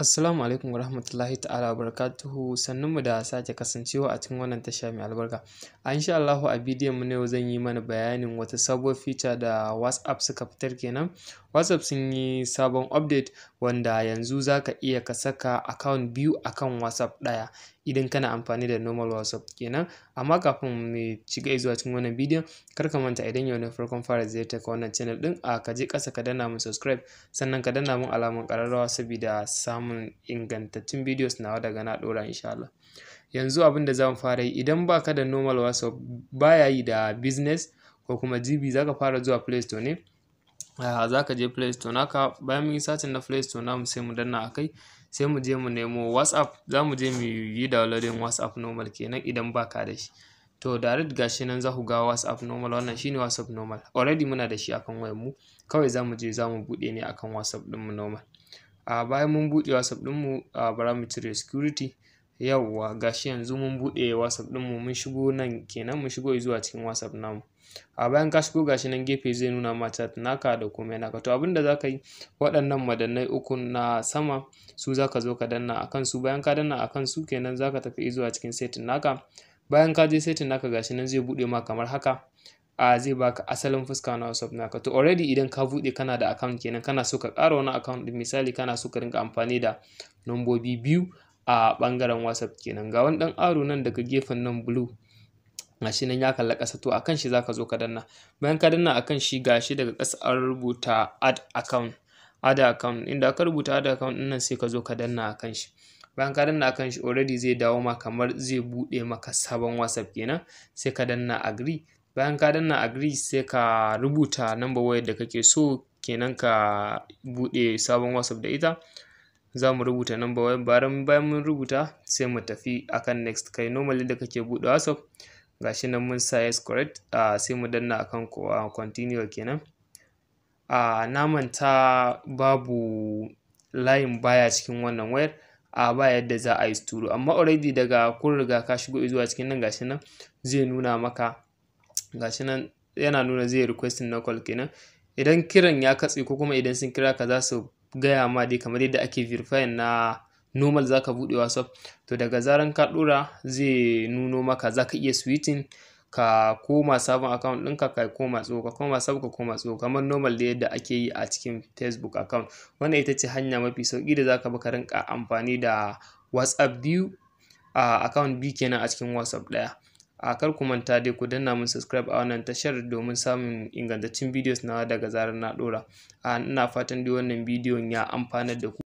Assalamu alaikum warahmatullahi ta'ala barakatuhu sannunmu da sake kasancewa a cikin wannan tasha mai albarka. A insha Allahu a bidiyon mu na yau zan yi mana bayanin wata sabuwar feature da WhatsApp suka fitar kenan. WhatsApp sun yi sabon update wanda yanzu zaka iya ka saka account biyu akan WhatsApp ɗaya. idan kana amfani da normal whatsapp kenan amma kafin mu shiga zuwa cikin wannan bidiyon kar ka manta idan yau ne farkon fara ziyartar ka wannan channel din a ka je ƙasa ka danna mun subscribe sannan ka danna mun alamun ƙararrawa saboda samun ingantattun videos nawa daga na dora insha Allah yanzu abin da za fara yi idan baka da normal whatsapp baya yi da business ko kuma gb zaka fara zuwa play store ne za ka je play store naka bayan mun yi satin na play store namu sai mu danna akai sai mu je mu nemo whatsapp za mu je mu yi downloading whatsapp normal kenan idan baka da shi to direct gashi nan za ku ga whatsapp normal wannan shine whatsapp normal already muna da shi akan wayar mu kawai za mu je za mu buɗe ne akan whatsapp din mu normal a bayan mun buɗe whatsapp ɗin mu a bara mu cire security yauwa gashi yanzu mun buɗe whatsapp ɗinmu mun shigo nan kenan mun shigo zuwa cikin whatsapp namu a bayan ka shigo gashi nan gefe zai nuna ma chat naka da komai naka to abinda zaka yi waɗannan madannai uku na sama su zaka zo ka danna akan su bayan ka danna akan su kenan zaka tafi zuwa cikin setting naka bayan ka je setting naka gashi nan zai buɗe ma kamar haka a zai baka asalin fuska na WhatsApp naka to already idan ka buɗe kana da account kenan kana so ka ƙara wani account din misali kana so ka rinka amfani da nombobi biyu a ɓangaren whatsapp kenan ga wani ɗan aro nan daga gefen nan blue shi nan ya kalla ƙasa to akan shi zaka zo ka danna bayan ka danna akan shi gashi daga ƙasa an rubuta add account add account inda aka rubuta add account ɗin nan sai ka zo ka danna akan shi bayan ka danna akan shi already zai dawo ma kamar zai buɗe maka sabon whatsapp kenan sai ka danna agree bayan ka danna agree sai ka rubuta number wayar da kake so kenan ka buɗe sabon whatsapp da ita za mu rubuta number waya bayan bayan mun rubuta sai mu tafi akan next kai normally da kake buɗe whatsapp gashi nan mun sa yes correct uh, sai mu danna akan kowa continue kenan uh, na manta babu layin baya cikin wannan wayar a ba yadda za a yi turo amma already daga kun riga ka shigo zuwa cikin nan gashi nan zai nuna maka gashi nan yana nuna zai requesting na call kenan idan kiran ya katse ko kuma idan sun kira ka za su gaya ma dai kamar yadda ake verifying na normal zaka buɗe whatsapp to daga zaran ka ɗora zai nuno maka zaka iya switching ka koma sabon account ɗinka ka koma tsoho ka koma sabon ka koma tsoho kamar normal da yadda ake yi a cikin facebook account wannan ita ce hanya mafi sauki da zaka ka ka rinƙa amfani da whatsapp biyu a account biyu kenan a cikin whatsapp ɗaya a kar ku manta dai ku danna mun subscribe a wannan tashar domin samun ingantaccen videos na daga zarar na ɗora a ina fatan dai wannan bidiyon ya amfanar da ku